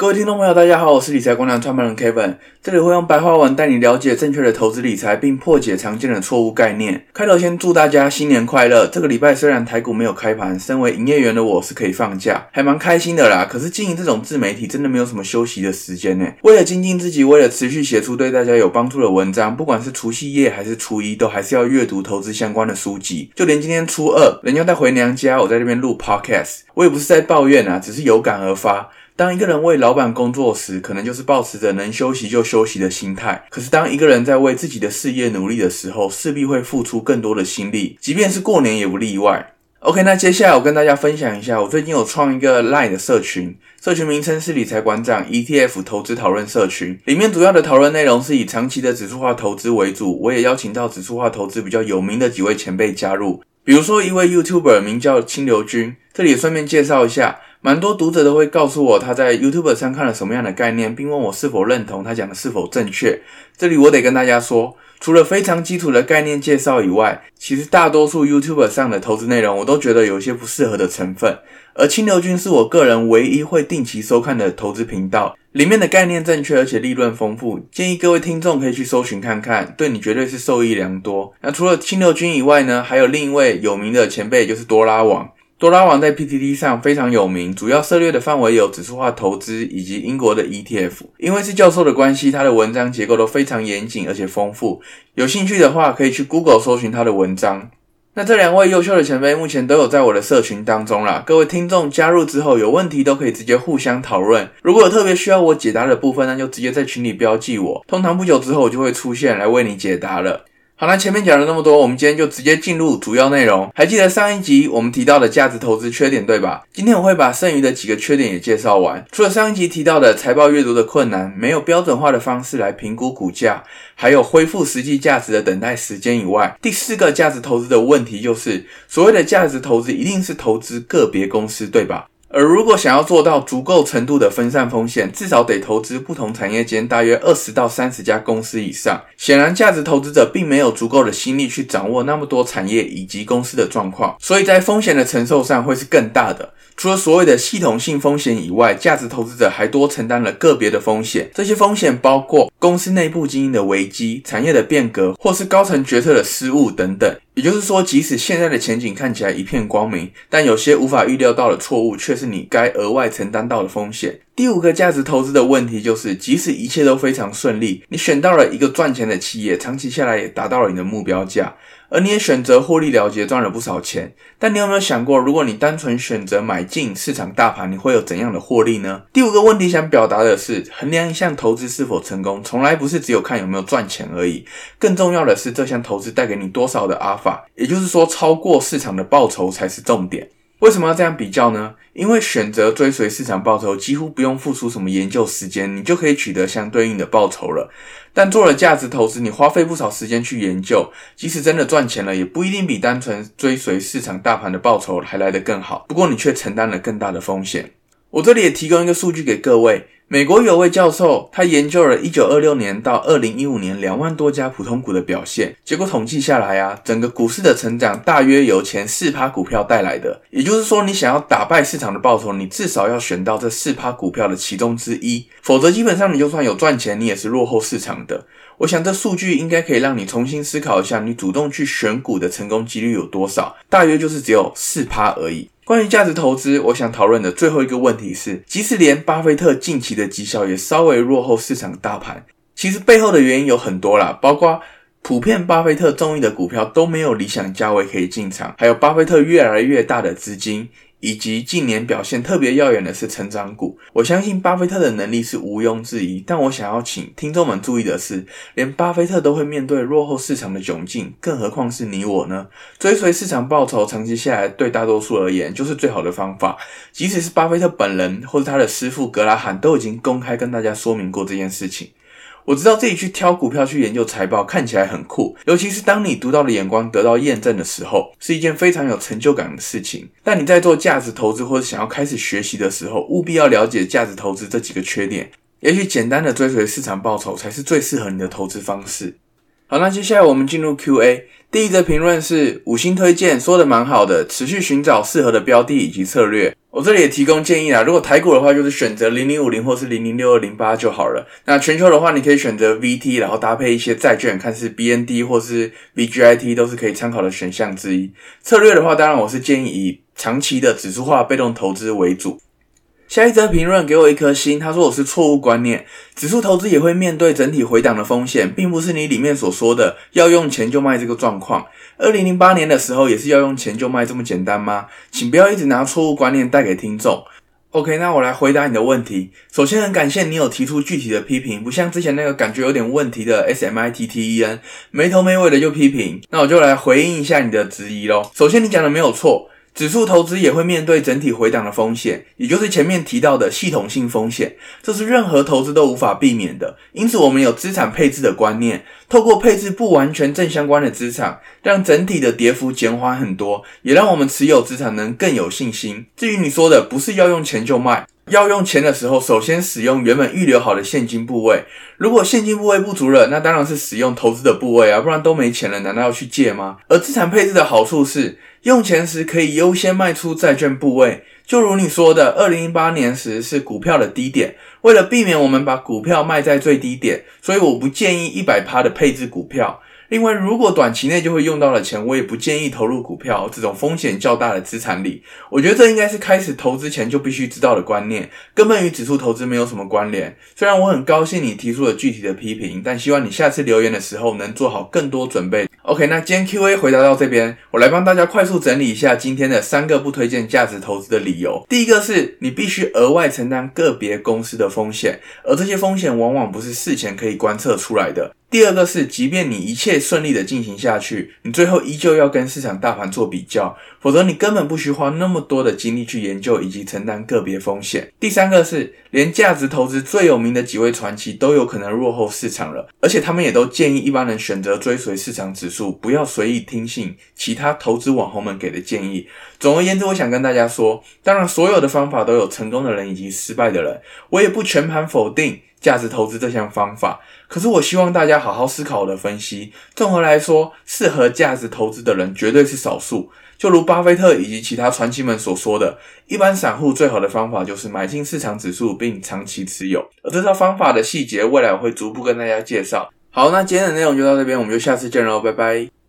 各位聽眾朋友，大家好，我是理財光亮創辦人 Kevin，這裡會用白話文帶你了解正確的投資理財，並破解常見的錯誤概念。開頭先祝大家新年快樂。這個禮拜雖然台股沒有開盤，身為營業員的我是可以放假，還蠻開心的啦。可是經營這種自媒體真的沒有什麼休息的時間呢、欸。為了精進自己，為了持續寫出對大家有幫助的文章，不管是除夕夜還是初一，都還是要閱讀投資相關的書籍。就連今天初二，人家在回娘家，我在這邊錄 Podcast，我也不是在抱怨啊，只是有感而發。當一個人為老老闆工作時可能就是抱持著能休息就休息的心態，可是當一個人在為自己的事業努力的時候，勢必會付出更多的心力，即便是過年也不例外。OK，那接下來我跟大家分享一下，我最近有創一個 LINE 的社群，社群名稱是理財館長 ETF 投資討論社群，裡面主要的討論內容是以長期的指數化投資為主，我也邀請到指數化投資比較有名的幾位前輩加入，比如說一位 YouTuber 名叫清流君，這裡順便介紹一下。蠻多讀者都會告訴我，他在 YouTube 上看了什麼樣的概念，並問我是否認同，他講的是否正確。這裡我得跟大家說，除了非常基礎的概念介紹以外，其實大多數 YouTube 上的投資內容我都覺得有一些不適合的成分。而清流君是我個人唯一會定期收看的投資頻道，裡面的概念正確而且利潤豐富，建議各位聽眾可以去搜尋看看，對你絕對是受益良多。那除了清流君以外呢，還有另一位有名的前輩就是哆啦王。哆啦王在 PTT 上非常有名，主要涉獵的範圍有指數化投資以及英國的 ETF。因為是教授的關係，他的文章結構都非常嚴謹而且豐富。有興趣的話，可以去 Google 搜尋他的文章。那這兩位優秀的前輩目前都有在我的社群當中啦，各位聽眾加入之後，有問題都可以直接互相討論。如果有特別需要我解答的部分，那就直接在群裡標記我，通常不久之後我就會出現來為你解答了。好了，那前面講了那麼多，我們今天就直接進入主要內容。還記得上一集我們提到的價值投資缺點對吧？今天我會把剩餘的幾個缺點也介紹完。除了上一集提到的財報閱讀的困難、沒有標準化的方式來評估股價，還有恢復實際價值的等待時間以外，第四個價值投資的問題就是，所謂的價值投資一定是投資個別公司對吧？而如果想要做到足夠程度的分散風險，至少得投資不同產業間大約二十到三十家公司以上。顯然，價值投資者並沒有足夠的心力去掌握那麼多產業以及公司的狀況，所以在風險的承受上會是更大的。除了所謂的系統性風險以外，價值投資者還多承擔了個別的風險。這些風險包括公司內部經營的危機、產業的變革，或是高層決策的失誤等等。也就是說，即使現在的前景看起來一片光明，但有些無法預料到的錯誤，卻是你該額外承擔到的風險。第五個價值投資的問題就是，即使一切都非常順利，你選到了一個賺錢的企業，長期下來也達到了你的目標價，而你也選擇獲利了結，賺了不少錢。但你有沒有想過，如果你單純選擇買進市場大盤，你會有怎樣的獲利呢？第五個問題想表達的是，衡量一項投資是否成功，從來不是只有看有沒有賺錢而已，更重要的是這項投資帶給你多少的阿爾法，也就是說，超過市場的報酬才是重點。為什麼要這樣比較呢？因為選擇追隨市場報酬，幾乎不用付出什麼研究時間，你就可以取得相對應的報酬了。但做了價值投資，你花費不少時間去研究，即使真的賺錢了，也不一定比單純追隨市場大盤的報酬還來得更好。不過你卻承擔了更大的風險。我這裡也提供一個數據給各位。美國有位教授，他研究了一九二六年到二零一五年兩萬多家普通股的表現，結果統計下來啊，整個股市的成長大約由前四趴股票帶來的。也就是說，你想要打敗市場的報酬，你至少要選到這四趴股票的其中之一，否則基本上你就算有賺錢，你也是落後市場的。我想這數據應該可以讓你重新思考一下，你主動去選股的成功幾率有多少？大約就是只有四趴而已。關於價值投資，我想討論的最後一個問題是，即使連巴菲特近期的績效也稍微落後市場大盤，其實背後的原因有很多啦，包括普遍巴菲特中意的股票都沒有理想價位可以進場，還有巴菲特越來越大的資金。以及近年表現特別耀眼的是成長股。我相信巴菲特的能力是毋庸置疑，但我想要請聽眾們注意的是，連巴菲特都會面對落後市場的窘境，更何況是你我呢？追隨市場報酬，長期下來對大多數而言就是最好的方法。即使是巴菲特本人或者他的師傅格拉罕，都已經公開跟大家說明過這件事情。我知道自己去挑股票，去研究財報看起來很酷，尤其是當你獨到的眼光得到驗證的時候，是一件非常有成就感的事情。但你在做價值投資或者想要開始學習的時候，務必要了解價值投資這幾個缺點。也許簡單的追隨市場報酬才是最適合你的投資方式。好，那接下來我們進入 Q A。第一則評論是五星推薦，說的蠻好的，持續尋找適合的標的以及策略。我這裡也提供建議啦，如果台股的話，就是選擇零零五零或是零零六二零八就好了。那全球的話，你可以選擇 V T，然後搭配一些債券，看是 B N D 或是 V G I T，都是可以參考的選項之一。策略的話，當然我是建議以長期的指數化被動投資為主。下一則評論給我一顆心，他說我是錯誤觀念，指數投資也會面對整體回檔的風險，並不是你裡面所說的要用錢就賣這個狀況。二零零八年的時候也是要用錢就賣這麼簡單嗎？請不要一直拿錯誤觀念帶給聽眾。OK，那我來回答你的問題。首先，很感謝你有提出具體的批評，不像之前那個感覺有點問題的 SMITTEN，沒頭沒尾的就批評。那我就來回應一下你的質疑嘍。首先，你講的沒有錯。指數投資也會面對整體回檔的風險，也就是前面提到的系統性風險，這是任何投資都無法避免的。因此，我們有資產配置的觀念，透過配置不完全正相關的資產，讓整體的跌幅減緩很多，也讓我們持有資產能更有信心。至於你說的，不是要用錢就賣，要用錢的時候，首先使用原本預留好的現金部位，如果現金部位不足了，那當然是使用投資的部位啊，不然都沒錢了，難道要去借嗎？而資產配置的好處是，用錢時可以優先賣出債券部位，就如你說的，二零一八年時是股票的低點。為了避免我們把股票賣在最低點，所以我不建議一百趴的配置股票。另外，如果短期內就會用到的錢，我也不建議投入股票這種風險較大的資產裡。我覺得這應該是開始投資前就必須知道的觀念，根本與指數投資沒有什麼關聯。雖然我很高興你提出了具體的批評，但希望你下次留言的時候能做好更多準備。OK，那今天 Q&A 回答到這邊，我來幫大家快速整理一下今天的三個不推薦價值投資的理由。第一個是你必須額外承擔個別公司的風險，而這些風險往往不是事前可以觀測出來的。第二個是，即便你一切順利的進行下去，你最後依舊要跟市場大盤做比較，否則你根本不需花那麼多的精力去研究以及承擔個別風險。第三個是，連價值投資最有名的幾位傳奇都有可能落後市場了，而且他們也都建議一般人選擇追隨市場指數，不要隨意聽信其他投資網紅們給的建議。總而言之，我想跟大家說，當然所有的方法都有成功的人以及失敗的人，我也不全盤否定。價值投資這項方法，可是我希望大家好好思考我的分析。綜合來說，適合價值投資的人絕對是少數。就如巴菲特以及其他傳奇們所說的，一般散戶最好的方法就是買進市場指數並長期持有。而這套方法的細節，未來我會逐步跟大家介紹。好，那今天的內容就到這邊，我們就下次見嘍，拜拜。